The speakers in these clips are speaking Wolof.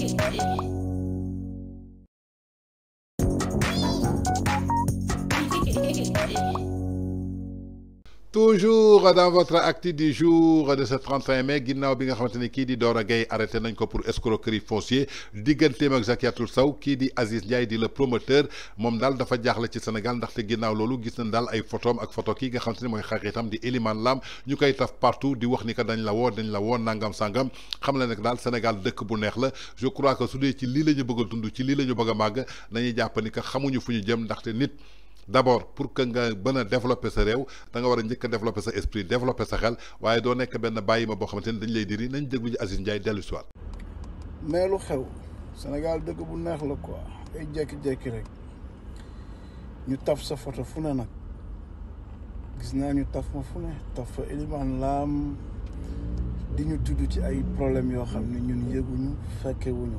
Thank you. toujours dans votre acte du jour de ce 31 mai ginnaaw bi nga xamante ni di Dora Gay arrêté nañ ko pour escroquerie foncier digganteem ak Zakiatou Sow kii di Aziz Ndiaye di le promoteur moom daal dafa jaaxle ci Sénégal ndaxte ginnaaw loolu gis nañ daal ay photom ak photo kii nga xamante ni xaritam di Eliman Lam ñu taf partout di wax ni que dañ la woo dañ la woo nangam sangam xam la Sénégal dëkk bu neex la je crois que su dee ci lii la ñu bëgg a dund ci lii la ñu bëgg a màgg nañuy xamuñu fu jëm ndaxte nit d' abord pour que nga mën a développer sa réew da nga war a njëkk a sa esprit développer sa xel waaye doo nekk benn bàyyi ma boo xamante ne dañ lay diri nañ déglu ji Aziz Ndiaye dellu si waat lu xew Sénégal dëgg bu neex la ko ay jékki-jékki rek ñu taf sa photo fu ne nag gis naa ñu taf ma fu ne taf fa Eliman Lam di ñu tudd ci ay problème yoo xam ne ñun yëguñu fekkewuñu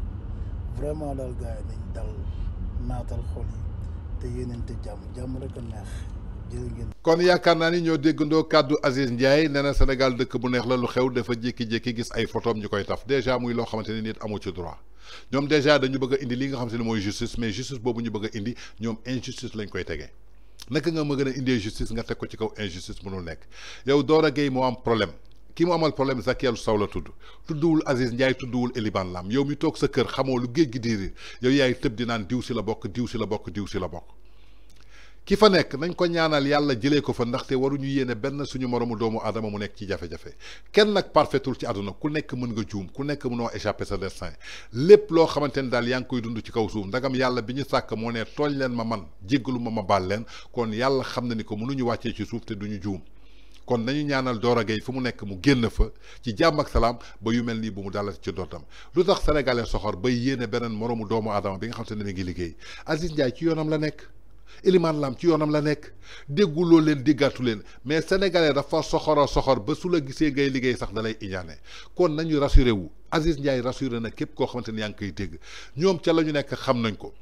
vraiment daal gars yi nañ dal naatal xol yi jàmm jàmm rek a neex kon yaakaar naa ni ñoo déggandoo kàddu Aziz Ndiaye nee na Sénégal dëkk bu neex la lu xew dafa jékki-jékki gis ay photom ñu koy taf dèjà muy loo xamante ni nit amu ci droit ñoom dèjà dañu bëgg indi li nga xamante ni mooy justice mais justice boobu ñu bëgg a indi ñoom injustice lañ koy tege naka nga ma gën a indee justice nga teg ko ci kaw injustice mënul nekk yow Dora Gueye moo am problème ki mu amal problème Zakiya Sow la tudd tudduwul Aziz Ndiaye tudduwul Eliban Lam yow mi toog sa kër xamoo lu géej gi diiri yow yaay tëb di naan diw si la bokk diw si la bokk diw si la bokk ki fa nekk nañ ko ñaanal yàlla jëlee ko fa ndaxte waruñu yéene benn suñu moromu doomu aadama mu nekk ci jafe-jafe kenn nag parfaitul ci àdduna ku nekk mën nga juum ku nekk mënoo échapper sa destin lépp loo xamante ni daal yaa ngi koy dund ci kaw suuf ndagam yàlla bi ñu sàkk moo ne tooñ leen ma man jéggalu ma ma leen kon yàlla xam na ni ko mënuñu wàccee ci suuf te duñu juum kon nañu ñaanal doora Gueye fu mu nekk mu génn fa ci jàmm ak salaam ba yu mel nii bu mu dalal ci dootam lu tax sénégalais soxor bay yéene beneen moromu doomu adama bi nga xam te ne mi ngi liggéey Aziz Ndiaye ci yoonam la nekk Elimane Lam ci yoonam la nekk dégguloo leen diggaatu leen mais sénégalais dafa soxora soxor ba su la gisee ngay liggéey sax da lay iñaane kon nañu rassuré wu Aziz Ndiaye rassuré na képp koo xamante ne yaa ngi koy dégg ñoom ca la ñu nekk xam nañ ko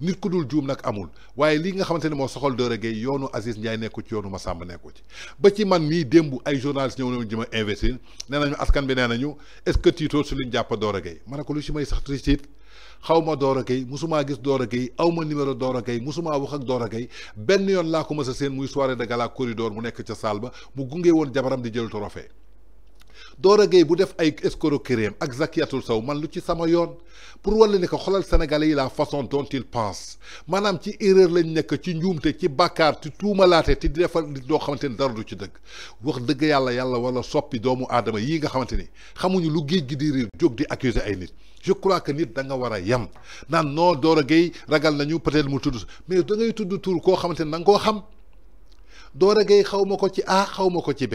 nit ku dul juum nag amul waaye li nga xamante ne moo soxal Doro Gueye yoonu Aziz Ndiaye nekku ci yoonu ma Massamba nekku ci ba ci man mii démb ay journalistes ñëw nañu jëm a investir nee nañu askan bi nee nañu est-ce que si su ñu jàpp Doro Gueye ma ne ko lu ci may sax tiit xaw ma Doro Gueye musumaa gis Doro Gueye aw ma numéro Doro Gueye musumaa wax ak Doro Gueye benn yoon laa ko mës a seen muy soirée de gala corridor mu nekk ca saal ba mu gunge woon jabaram di jël Dora géey bu def ay escroquerie ak Zakiyatul saw man lu ci sama yoon pour walla ni ko xolal sénégalais yi la façon dont il pense maanaam ci erreur lañ nekk ci njuumte ci bàkkaar ci tuumalaate te di defal nit doo xamante ni dara du ci dëgg wax dëgg yàlla yàlla wala soppi doomu aadama yii nga xamante ni xamuñu lu géej gi di riir jóg di accuser ay nit je crois que nit da nga war a yem naan noo Dora Gueye ragal nañu peut-être mu tudd mais da tudd tur koo xamante ni da koo xam Dora Gueye xaw ma ko ci A xaw ma ko ci B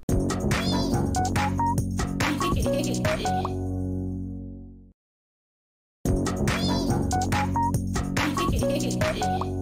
Thank you.